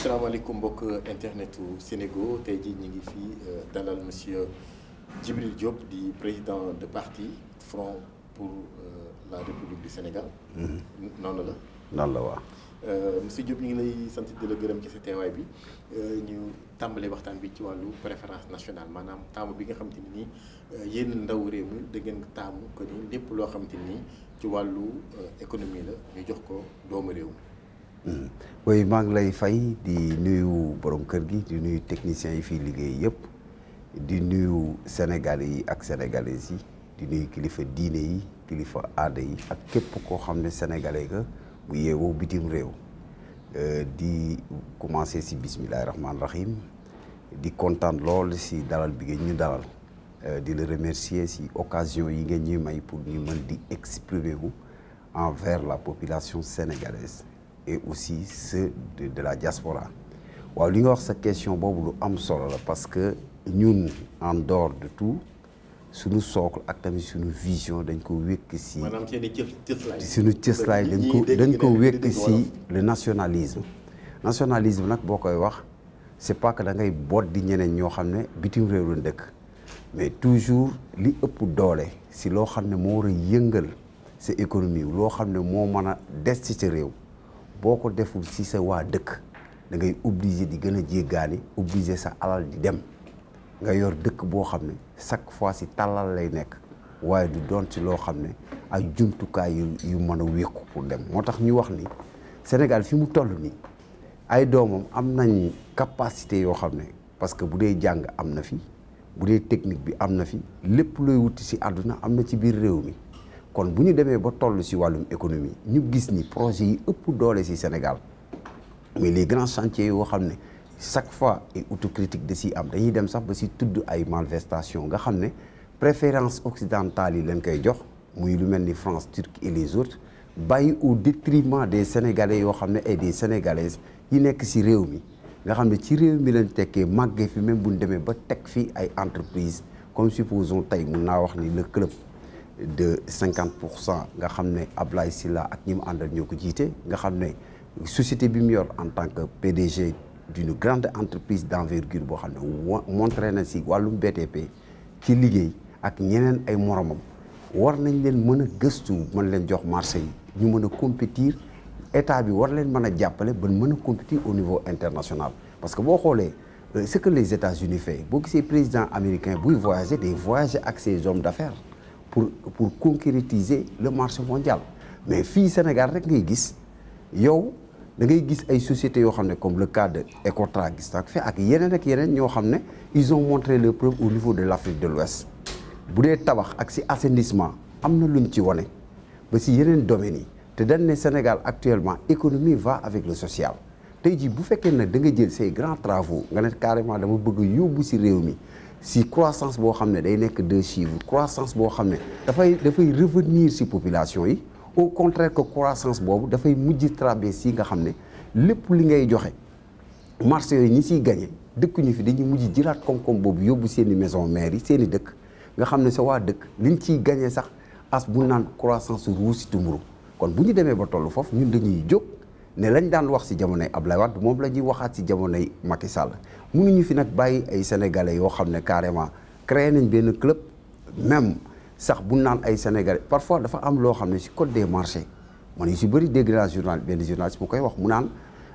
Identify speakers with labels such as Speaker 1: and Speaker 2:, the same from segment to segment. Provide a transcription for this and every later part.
Speaker 1: salaamaaleykum mbokk internetu Sénégal tey jii ñu ngi fii
Speaker 2: euh, dalal monsieur Djibril Diop di président de parti Front pour euh, la République du Sénégal. Mm-hmm. noonu la. noonu la waaw. Euh, monsieur Diop ñu ngi lay sant di la gërëm ci sa teewaay bi ñu tàmbalee waxtaan bi ci wàllu préférence nationale maanaam taamu bi nga xam te nii yéen ndaw réew mi da taamu que ni lépp loo xam te nii ci wàllu économie la ñu jox ko doomu réew mi.
Speaker 1: Mm-hmm. oui maa ngi lay fay di nuyu borom kër gi di nuyu techniciens yi fii liggéey yëpp di nuyu Sénégalais yi ak sénégalaises yi di nuyu kilifa diine yi kilifa aada yi ak képp koo xam ne sénégalais nga bu yeewoo bitim réew euh, di commencer si bismillahi rahmaani rahim di kontaan lool si dalal bi ngeen ñu dalal euh, di la remercier si occasion yi ngeen ñuy may pour ñu mën di exprimer wu envers la population sénégalaise aussi ceux de, la diaspora waaw li nga wax sa question boobu lu am solo la parce que ñun en dehors de tout suñu socle ak tamit suñu vision dañ koo wékk si maanaam suñu cëslaay dañ ko dañ ko wékk si le nationalisme nag boo koy wax c'est pas que da ngay boot di ñeneen ñoo xam ne bitim réew lañ dëkk mais toujours li ëpp doole si loo xam ne moo war a yëngal sa économie loo xam ne moo mën a des ci sa réew boo ko deful si sa waa dëkk da ngay obligé di gën a jéggaani obliser sa alal di dem nga yor dëkk boo xam ne chaque fois si tàllal lay nekk waaye du doon ci loo xam ne ak jumtukaay yu yu mën a wékku pour dem moo tax ñu wax ni Sénégal fi mu toll nii ay doomam am nañ capacité yoo xam ne parce que bu dee jàng am na fi bu dee technique bi am na fi lépp looy wuti si àdduna am na ci biir réew mi kon bu ñu demee ba toll si wàllum économie ñu gis ni projet yi ëpp doole si Sénégal mais les grands chantiers yoo xam ne chaque fois ay autocritique da si am dañuy dem sax ba si tudd ay malversation nga xam ne préférence occidentale yi lañ koy jox muy lu mel ni France Turquie et les autres bàyyi au détriment des sénégalais yoo xam ne et des sénégalaises yi nekk si réew mi nga xam ne ci réew mi lañ tekkee màggee fi même bu ñu demee ba teg fi ay entreprise comme supposons tey mun naa wax ni le de cinquante pour cent nga xam ne Ablaye Sylla ak ñi mu àndal ñoo ko jiite nga xam ne société bi mu yor en tant que PDG d'une grande entreprise d'envergure boo xam ne montré na si wàllum BTP ci liggéey ak ñeneen ay moromam war nañ leen mën a gëstu mën leen jox marché yi ñu mën a compétir état bi war leen mën a jàppale ba mën a compétir au niveau international parce que boo xoolee euh, ce que les États-Unis fait boo gisee président américain buy voyager day voyager ak ses hommes d'affaires pour pour concrétiser le marché mondiale mais fii Sénégal rek ngay gis yow da ngay gis ay sociétés yoo xam ne comme le cas de Ecotra gis naa ak yeneen ak yeneen ñoo xam ne ils ont montré leur preuve au niveau de l'Afrique de l'Ouest bu dee tabax ak si assainissement am na luñ ci wane ba si yeneen domaines yi te dañ ne Sénégal actuellement économie va avec le social tey jii bu fekkee ne da nga jël say grands travaux nga ne carrément dama bëgg yóbbu si réew mi si croissance boo xam ne day nekk deux chiffres croissance boo xam ne dafay dafay revenir si population yi au contraire que croissance boobu dafay mujj traverse yi nga xam ne lépp li ngay joxe marché yooyu ñi siy gagné dëkk ñu fi dañuy mujj jilaat koom-koom boobu yóbbu seen maison mère yi seen i dëkk nga xam ne sa waa dëkk liñ ciy gagné sax as bu naan croissance ruusi tumuru kon bu ñu demee ba tollu foofu ñun dañuy jóg ne lañ daan wax si jamonoy ab Ablaye Wade moom la ñuy waxaat si jamonoy Macky Sall mënuñu fi nag bàyyi ay sénégalais yoo xam ne carrément créé nañ benn club même sax bu naan ay sénégalais parfois dafa am loo xam ne si code des marchés man yu si bëri dégg naa journal benn journaliste mu koy wax mu naan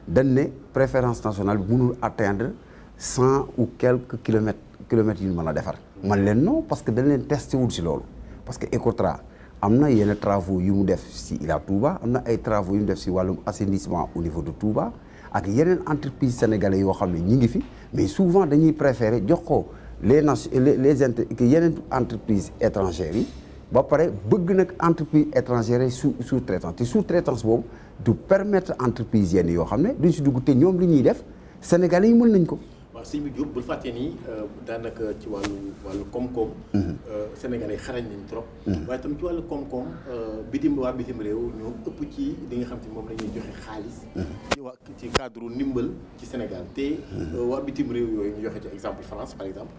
Speaker 1: dañ ne préférence nationale bi mënul atteindre cent ou quelques kilomètres kilomètres yu ñu mën a defar. man leen non parce que dañ leen testé wul si loolu parce que am na yenn travaux yu mu def si Ila Touba am na ay travaux yu mu def si wàllum assainissement au niveau de Touba ak yeneen entreprise sénégalais yoo xam ne ñi ngi fi mais souvent dañuy préférer jox ko les nation les inter yeneen entreprise étrangères yi ba pare bëgg nag entreprise étrangère yi sous sous-traitance te sous-traitance boobu du permettre entreprise yenn yoo xam ne duñ si dugg te ñoom li ñuy def sénégalais yi mën nañ ko
Speaker 2: sëñ bi Diop bul fàtte nii euh, daanaka ci wàllu wàllu koom-koom. Mhm. Euh, Sénégalais xarañ nañ trop. Mhm. waaye tam ci wàllu koom-koom euh, bitim waa bitim réew ñoo ëpp ci li nga xam te moom la ñuy joxe xaalis. Mhm. ci waa ci cadre ndimbal ci Sénégal te. waa bitim réew yooyu ñu joxe ci exemple France par exemple.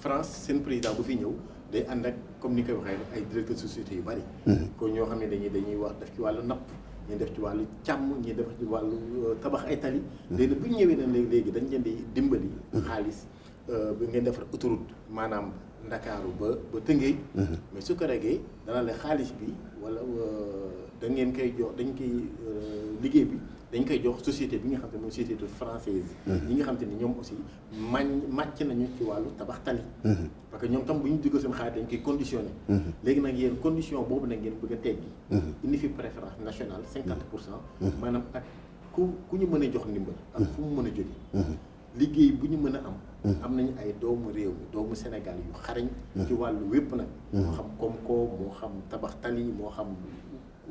Speaker 2: France seen président bu fi ñëw. day ànd ak comme ni koy waxee ay directeur société yu bari. kon ñoo xam ne dañuy dañuy wax def ci wàllu napp. ñu def ci wàllu càmm ñuy def ci wàllu euh, tabax ay tali. léegi bu ñëwee nag léegi léegi dañ leen di dimbali. xaalis euh, ba ngeen defar autoroute maanaam ndakaaru ba ba Tëngéej. Mhm. mais su ko la xaalis bi wala euh, da ngeen koy jox dañ koy liggéey bi. dañ koy jox société bi nga xam ne te mooy société française yi mhm. nga xam ne ñoom aussi mañ màcc nañu ci wàllu tabax tali mhm. parce que ñoom tam bu ñu dugal seen xaalis dañ koy conditionné mhm. léegi nag yéen condition boobu nag ngeen bëgg a gi indi fi préférence nationale cinquante pour cent maanaam ak ku ku ñu mën a jox ndimbal ak fu mu mën a jóge liggéey bu ñu mën a am am nañu ay doomu réew mi doomu Sénégal yu xarañ ci wàllu wépp nag moo xam koom-koom moo xam tabax tali moo xam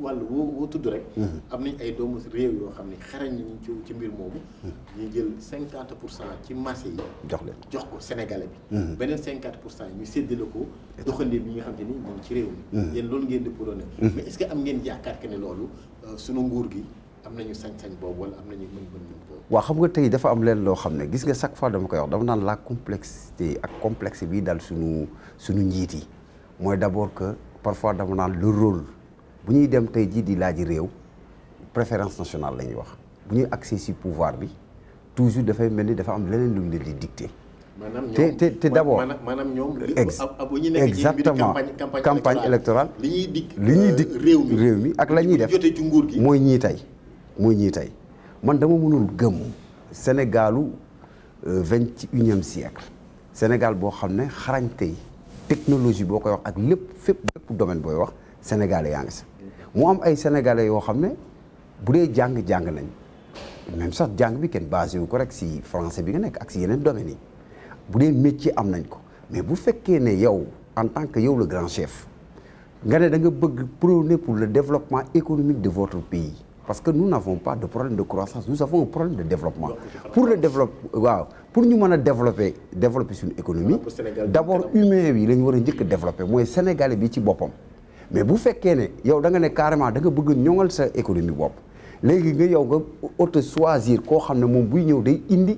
Speaker 2: wàll woo woo tudd rek. Mm-hmm. am nañ ay doomu réew yoo xam ne xarañ nañu ci ci mbir moomu. Mm-hmm. ñu jël cinquante pour cent ci marché yi. jox leen jox ko Sénégalais bi. Mm-hmm. beneen cinquante pour cent ñu séddale ko doxandee bi ñu xam te ni ci réew mi. loolu ngeen di prôné. am ngeen yaakaar que ne loolu euh, sunu nguur gi am nañu sañ boobu wala am nañu
Speaker 1: mën-mën xam nga tey dafa am leen loo xam ne gis nga chaque fois dama ko wax dama daan la complexité ak complexe bi daal sunu sunu njiit yi mooy d'abord que parfois dama naan lu rôle. bu ñuy dem tey jii di laaj réew préférence nationale la ñuy wax bu ñuy accès si pouvoir bi toujours dafay mel ni dafa am leneen lu ñu leen di dicté.
Speaker 2: te te te d' abord maanaam ñoom. exactement campagne électorale li ñuy dikk
Speaker 1: li ñuy euh, réew mi ak la ñuy def mooy ñii tey mooy ñii tey man dama mënul gëm Sénégalu euh, vingt unième siècle Sénégal boo xam ne xarañte yi technologie boo koy wax ak lépp fépp bépp domaine booy wax Sénégal yaa ngi si mu am ay sénégalais yoo xam ne bu dee jàng jàng nañ même sax jàng bi kenn basé wu ko rek si français bi nga nekk ak si yeneen domaines yi bu dee métier am nañ ko mais bu fekkee ne yow en tan que yow le grand chef nga ne da bëgg prôner pour le développement économique de votre que nous n'avons pas de problème de croissance nous avons un problème de développement pour le développe waaw pour ñu mën a développer développer suñu économie d'abord humain bi la ñu war a njëkk a mooy sénégalais bi ci boppam mais bu fekkee ne yow da nga ne carrément danga nga bëgg ñoŋal sa économie bopp léegi nga yow nga auto choisir koo xam ne moom buy ñëw day indi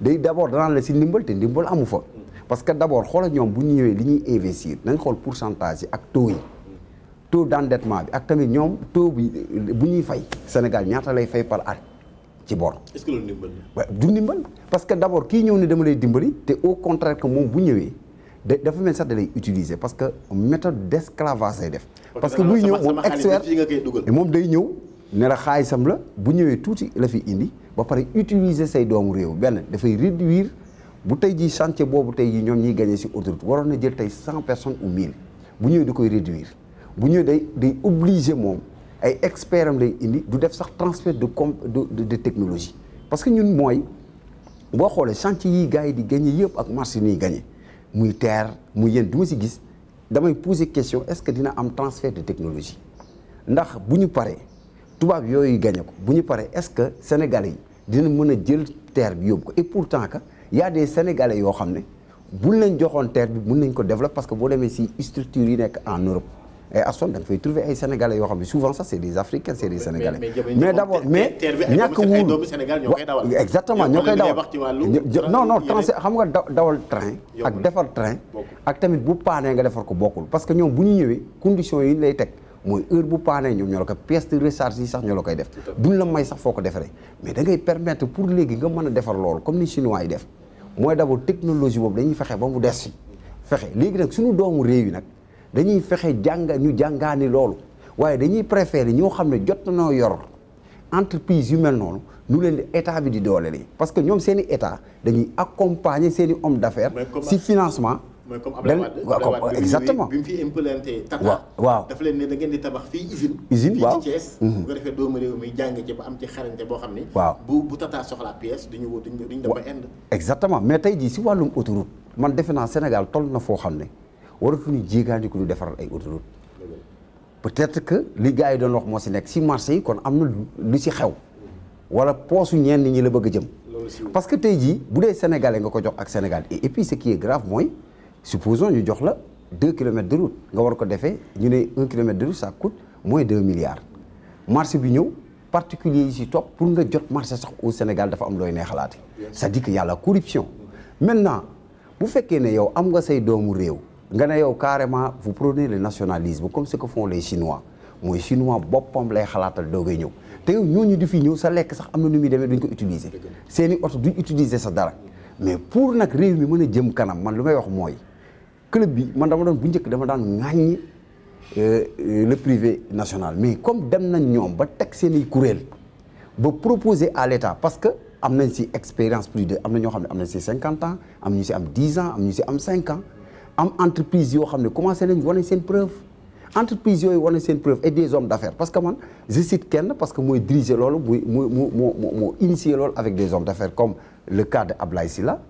Speaker 1: day d' abord danaan la si ndimbal te ndimbal amu fa parce que d' abord xoolal ñoom bu ñu ñëwee li ñuy investir nañ xool pourcentage yi ak taux yi taux d' endettement ak tamit ñoom taux bi bu ñuy fay Sénégal ñaata lay fay par at ci bor. est du ndimbal parce que d' abord kii ñëw ne dama lay dimbali te au contraire que moom bu ñëwee. da dafa mel sax da lay utiliser parce que méthode d'esclavage lay def. parce que buy ñëw moom expert moom day ñëw. ne la xaalisam la bu ñëwee tuuti la fi indi ba pare utiliser say doomu réew benn dafay réduire bu tey jii chantier boobu tey jii ñoom ñi gagné si autoroute waroon na jël tey cent personnes ou bu ñëwee di koy réduire bu ñëwee day day obligé moom ay experts am lay indi du def sax transfert de com de de technologie. parce que ñun mooy boo xoolee chantier yi gars yi di gagné yëpp ak marché yi ñuy muy terre muy yéen du si gis damay poser question est-ce que dina am transfert de technologie ndax bu ñu paree tubaab yooyu gañe ko bu ñu paree est-ce que sénégalais yi dina mën a jël teer bi yóbbu ko et pourtant que y a des sénégalais yoo xam ne buñ leen joxoon terre bi mën nañ ko développer parce que boo demee si structure yi nekk en Europe ay Aston da nga fay trouver ay sénégalais yoo xam ne souvent sax c'est des africains c'est des sénégalais. mais d'abord mais ñàkk wuul exactement ñoo koy dawal non non train xam nga dawal train ak tamit bu paanee nga defar ko bokkul parce que ñoom bu ñu ñëwee conditions yi lay teg mooy heure bu paanee ñoom ñoo la ko pièce de recharge yi sax ñoo la koy def duñ la may sax foo ko defaree mais da ngay permettre pour léegi nga mën a defar loolu comme ni chinois yi def mooy d'abord technologie boobu dañuy fexe ba mu des fi fexe nag suñu doomu réew yi nag dañuy fexe jànga ñu jàngaani loolu waaye dañuy préférer ñoo xam ne jot nañoo yor entreprise yu mel noonu nu leen état bi di doole nii parce que ñoom seen i état dañuy accompagner seen i homme d'affaires si financement
Speaker 2: mooy comme Abdoulaye Wade Abdoulaye Wade exactement bi fi implanté Tata waaw dafa leen ne di tabax fii usine usine mhm. doomu réew mi jàng am ci xarañte boo xam ni waaw bu bu Tata soxlaa pièce duñu woo duñu dem ba Inde
Speaker 1: exactement mais tey jii si wàllum autoroute man defe naa Sénégal toll na foo xam ne waratuñu jéegaani ku ñu defaral ay autoroute peut-être que li gars yi doon wax moo si nekk si marché yi kon am na lu si xew wala poosu ñenn ñi la bëgg a jëm parce que tey jii bu dee sénégalais nga ko jox ak Sénégal et puis ce qui est grave mooy supposons ñu jox la deux kilomètres de nga war ko defee ñu ne un kilomètre de route ça deux milliards marché bi ñëw particulier yi si topp pour nga jot marché sax au Sénégal dafa am looy neexalaate c'est-à-dire que y a maintenant bu fekkee ne yow am nga say doomu réew nga ne yow carrément fu prônez le nationalisme comme ce que font les chinois mooy chinois boppam lay xalaatal doogay ñëw te yow ñooñu di fi ñëw sa lekk sax am na nu muy demee duñ ko utiliser seen i oto duñ utiliser sa dara mais pour nag réew mi mën a jëm kanam man lu may wax mooy club bi man dama doon bu njëkk dama daan ŋàññi euh, le privé national mais comme dem nañ ñoom ba teg seen i kuréel ba proposer à parce que am nañ si expérience plus de am na ñoo xam ne am nañ si cinquante ans am ñu si am dix ans am ñu si am cinq am entreprise yoo xam ne commencé nañ wane seen preuve entreprise yooyu wane seen preuve et des hommes d'affaires parce que man je kenn parce que mooy diriger loolu muy mu mu mu moo initier loolu avec des hommes d'affaires comme le cas de Ablaye Sylla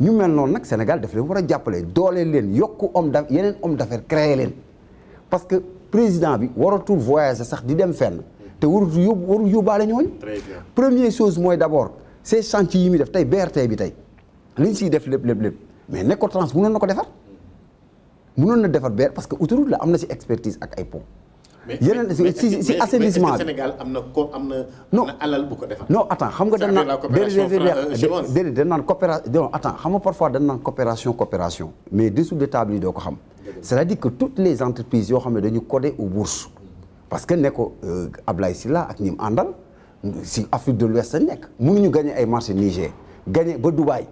Speaker 1: ñu mel noonu nag Sénégal def leen war a jàppale dooleel leen yokku homme d' yeneen homme d'affaires créé leen parce que président bi waratul voyager sax di dem fenn te war yób warul yóbbaale ñooñu premier chose mooy d' abord ces chantiers yi muy def tey BRT bi tey liñ siy def lépp lépp lépp mais Necotrans mënoon na ko defar munoon na defar benn parce que autoroute la am na si expertise ak ay pont. yeneen si si assainissement bi
Speaker 2: na ko am na. non alal bu ko defar.
Speaker 1: non xam nga dañ naan déedéet dañ naan coopération non attends xam nga parfois dañ naan coopération coopération mais dessous de table yi doo ko xam. c'est-à-dire que toutes les entreprises yoo xam ne dañu codé au bourses parce que ne ko euh, si la ak ñim àndal si Afrique de l'Ouest a nekk mënuñu gagné ay marché Niger gagné ba Dubaï.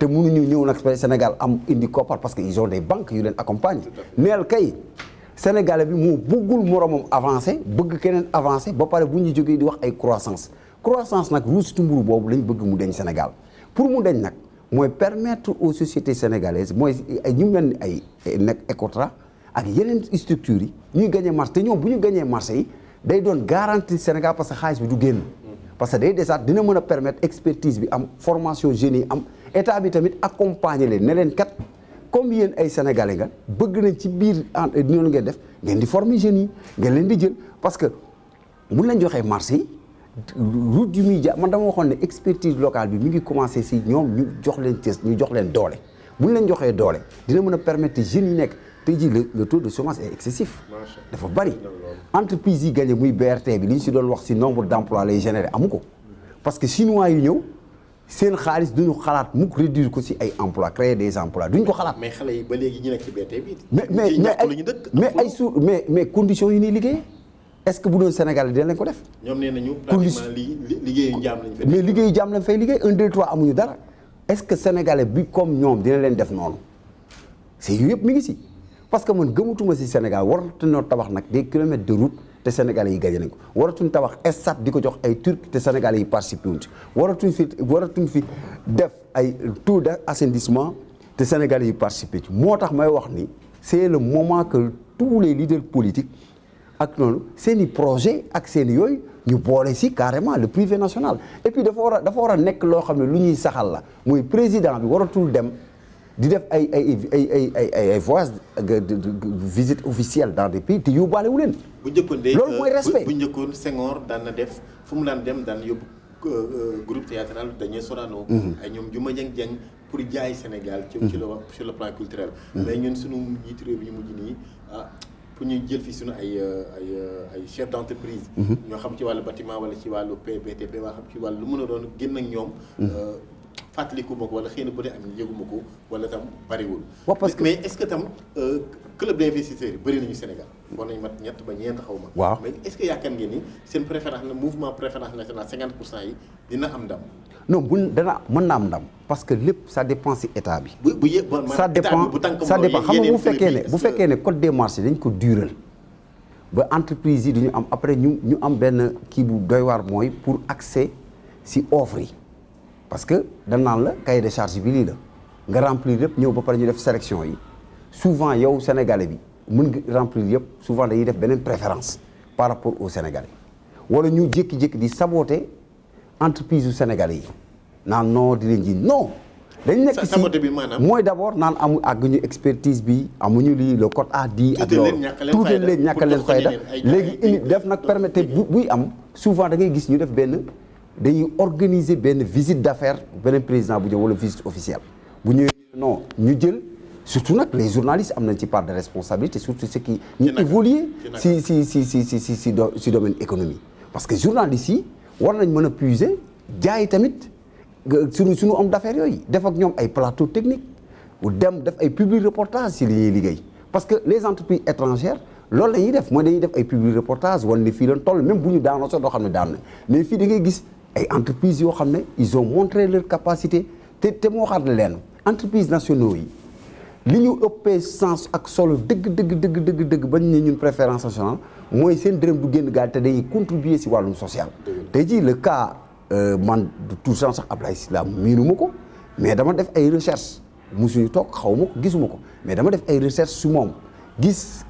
Speaker 1: te mu mënuñu ñëw nag Sénégal am indi koppar parce que ils ont des banques yu leen accompagne neel kay Sénégalais bi mu bëggul moromam avancé bëgg keneen avancé ba pare bu ñu jógee di wax ay croissance croissance nag ruus tumburu boobu lañ bëgg mu deñ Sénégal pour mu deñ nag mooy permettre aux sociétés sénégalaises mooy ñu mel ni ay nekk Ecotra ak yeneen structures yi ñuy gagné marché te ñoom bu ñu gagné marché yi day doon garantie Sénégal parce que xaalis bi du génn mm. parce que day desaat dina mën a permettre expertise bi am formation jeunes yi am état bi tamit accompagner leen ne leen kat comme yéen ay sénégalais nga bëgg nañ ci biir ah, noonu ngeen def ngeen di former jeunes yi ngeen leen di jël parce que mun lañ joxee marché yi route yu muy jaar man dama waxoon ne expertise locale bi mi ngi commencé si ñoom ñu jox leen test ñu jox leen doole buñ leen joxee doole dina mën a permettre jeunes yi nekk tey jii le taux de chômage est excessif dafa bari entreprise yi gagné muy BRT bi li ñu si doon wax si nombre d' emploi amu ko parce que chinois yi ñëw seen xaalis duñu xalaat mukk réduire ko si ay emploi créer des emplois duñ ko xalaat. mais
Speaker 2: xale ba léegi ñu nekk ci BT bi. mais mais
Speaker 1: mais ay su mais yi ñuy liggéey est-ce que bu doon Sénégal dina leen ko def.
Speaker 2: ñoom nee nañu pratiquement li liggéeyu jaam lañ fay. mais
Speaker 1: liggéeyu jaam lañ fay liggéey un deux trois amuñu dara est-ce que sénégalais bi comme ñoom dina leen def noonu c'est yooyu yëpp mi ngi si parce que man gëmatuma si Sénégal war na tabax nag des kilomètres de route. te sénégalais yi gagné nañ ko waratuñ tabax stade di ko jox ay turc te sénégalais yi participé wuñ ci waratuñ fi waratuñ fi def ay taux d'assainissement te sénégalais yi participé ci moo tax may wax ni c'est le moment que tous les leaders politiques ak noonu seen i projet ak seen yooyu ñu boole si carrément le privé national et puis dafa war a dafa war a nekk loo xam ne lu ñuy saxal la muy président bi waratul dem di def ay ay ay ay ay ay voyages visite officielle dans des pays te yu wu leen bu njëkkoon de loolu mooy euh,
Speaker 2: bu njëkkoon Senghor daan na def fu mu daan dem daan yóbbu euh, euh, groupe théâtral dañuy Sorano mhm. ay ñoom Juma Jeng Jeng pour jaay Sénégal ci ci mhm. la sur le plan culturel mhm. mais ñun suñu njiitu réew bi ñu mujj nii ah pour ñu jël fi suñu ay ay ay chef d'entreprise ñoo xam ci wàllu batiment wala ci wàllu PBTP waa xam ci wàll lu mën a doon génn ak ñoom fàttaliku ma ko wala xëy na bu am yëgu ko wala tam bariwul mais est-ce que tam club d'investisseurs yi bëri nañu Sénégal mën nañu mat ñett ba ñeent xaw ma. waaw mais est-ce que yaakaar ngeen ni seen préférence na mouvement préférence nationale 50 pour cent yi dina am ndam.
Speaker 1: non buñ dana mën na am ndam parce que lépp sa dépend si état bi. bu bu yë ça dépend ça dépend xam nga bu fekkee ne bu fekkee ne code des marchés dañ ko dural ba entreprise yi duñu am après ñu ñu am benn kii bu doy waar mooy pour accès si offre yi parce que dañ naan la cahier de charge bi lii la nga remplir lépp ñëw ba pare ñu def sélection yi souvent yow sénégalais bi. mun nga remplir yëpp souvent dañuy def beneen préférence par rapport au Sénégalais wala ñu jékki-jékki di saboter entreprise yu sénégal yi naan non di leen ji non. dañ nekk si mooy d' abord naan amu ñu expertise bi amuñu lii le code a dit ak loolu tuuti leen ñàkk leen fayda léegi indi def nag permettre bu buy am souvent da ngay gis ñu def benn dañuy organiser benn visite d' affaires beneen président bu ñëw wala visite officielle bu ñëwee non ñu jël. surtout nag les journalistes am nañ ci part de responsabilité surtout ceux qui ñu évoluer si si si si si si si si domaine économie parce que journalistes yi war nañ mën a puiser jaay tamit suñu suñu homme d'affaires yooyu def ak ñoom ay plateau technique dem def ay public reportage si li liggéey parce que les entreprises étrangères loolu la ñuy def mooy dañuy def ay public reportage wan ni fii lañ toll même bu ñu daanoo sax doo xam ne daan na mais fii da ngay gis ay entreprises yoo xam ne ils ont montré capacité te te moo xaar la leen entreprises nationaux yi li ñu ëppee sens ak solo dëgg dëgg dëgg dëgg dëgg bañ ne ñun préférence nationale mooy seen dërëm du génn gaal te day contribuer si wàllum social. tey jii le cas euh, man de tout temps sax Ablaye Sylla miinuma ko mais dama def ay recherche musuñu toog xaw ma ko gisuma ko mais dama def ay recherche su moom gis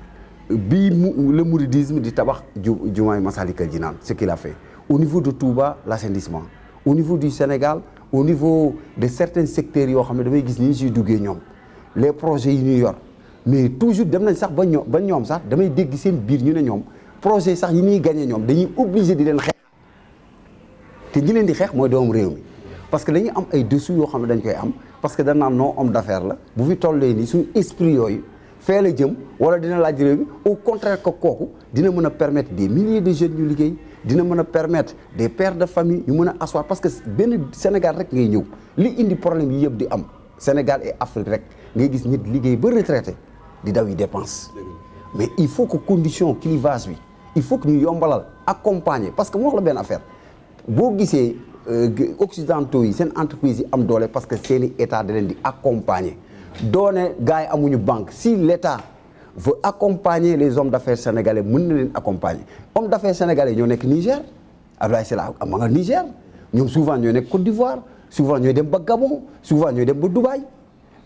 Speaker 1: euh, bi mu le mouridisme di tabax ju jumaay Masalikul Jinaan ce qu'il a fait au niveau de Touba l'assainissement au niveau du Sénégal au niveau de certains secteurs yoo xam ne damay gis ni ñu siy duggee ñoom. les projet yi ñuy yor mais toujours dem nañ sax ba ñoom ba ñoom sax damay dégg seen biir ñu ne ñoom projet sax yi ñuy gagné ñoom dañuy obligé di leen xeex te ñi leen di xeex mooy doomu réew mi parce que dañuy am ay dessous yoo xam ne dañ koy am parce que dañ naan non homme la bu fi tollee nii suñu esprit yooyu fee la jëm wala dina laaj réew mi au contraire que kooku dina mën a permettre des milliers de jeunes ñu liggéey dina mën a permettre des pères de famille ñu mën a parce que benn Sénégal rek ngay ñëw li indi problème yi di am Sénégal et Afrique rek ngay gis nit liggéey ba retraité di daw yi dépense mais il faut que condition clivage bi il faut que ñu yombalal accompagner parce que moo wax la benn affaire boo gisee euh, occidentaux yi seen entreprise yi am doole parce que seeni état de leen di accompagner doone gars yi amuñu banque si l'état veut accompagner les hommes d'affaires sénégalais mun na leen accompagner hommes d'affaires sénégalais ñoo nekk Niger Abdoulaye Sylla ma nga Niger ñoom souvent ñoo nekk Côte d'Ivoire souvent ñooy dem ba Gabon souvent ñooy dem ba Dubaï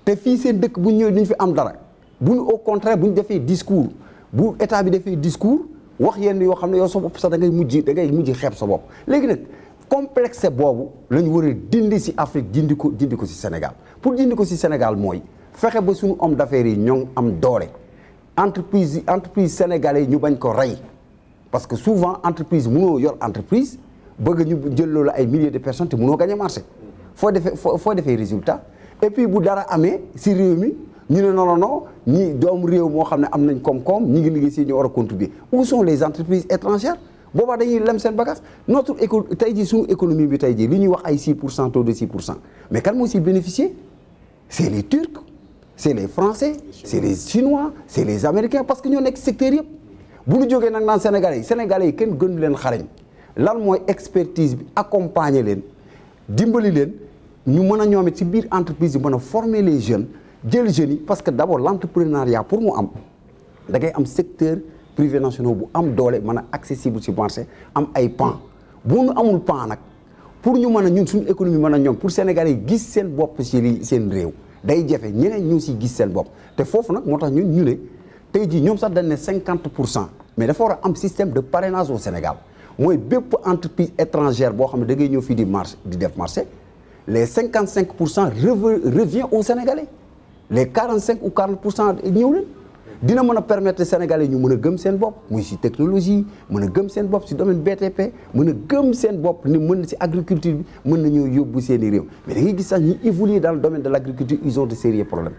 Speaker 1: te fii seen dëkk bu ñëwee duñ fi am dara bu ñu au contraire bu ñu defee discours bu état bi defee discours wax yenn yoo xam ne yow sa bopp sax da ngay mujj da ngay mujj xeeb sa bopp léegi nag complexe boobu la ñu war a dindi si Afrique dindi ko dindi ko si Sénégal pour dindi ko si Sénégal mooy fexe ba suñu homme d'affaires yi ñoom am doole entreprise entreprise sénégalais ñu bañ ko rey parce que souvent entreprise mënoo yor entreprise bëgg ñu jël loolu ay milliers de personnes te mënoo gagné marché foo foo defee résultat et bu dara amee si réew mi ñu ne non non non ñi doomu réew moo xam ne am nañ koom-koom ñi ngi liggéey si ñu war a contribuer où sont les entreprises étrangères boobaa dañuy lem seen bagage notre éco tey jii suñu économie bi tey jii li ñuy wax ay 6 pour cent taux de 6 pour cent mais kan moo si bénéficier c' est les turcs c' est les français c' les chinois c' les américains parce que ñoo nekk secteur yëpp bu ñu jógee nan naan sénégalais yi sénégalais yi kenn gënu leen xarañ lan mooy expertise bi accompagner leen dimbali leen ñu mën a ñoom it ci biir entreprise yi mën a former les jeunes jël jeunes yi parce que d' abord l' mu am da ngay am secteur privé national bu am doole mën a accessible ci marché am ay pan bu ñu amul pan nag pour ñu mën a ñun suñu économie mën a ñoom pour Sénégalais gis seen bopp ci seen réew day jafe ñeneen ñu si gis seen bopp te foofu nag moo tax ñun ñu ne tey jii ñoom sax dañ ne pour cent mais dafa war am système de parrainage au Sénégal mooy bépp entreprise étrangère boo xam ne da ngay ñëw fii di marché di def marché les 55 pour cent revient aux Sénégalais les 45 ou 40 pour cent ñëw leen dina mën a permettre Sénégalais ñu mën a gëm seen bopp muy si technologie mën a gëm seen bopp si domaine BTP mën a gëm seen bopp mën na si agriculture bi mën nañoo yóbbu seen i réew mais da ngay gis sax ñu évoluer dans le domaine de l' agriculture ils ont de sérieux problèmes.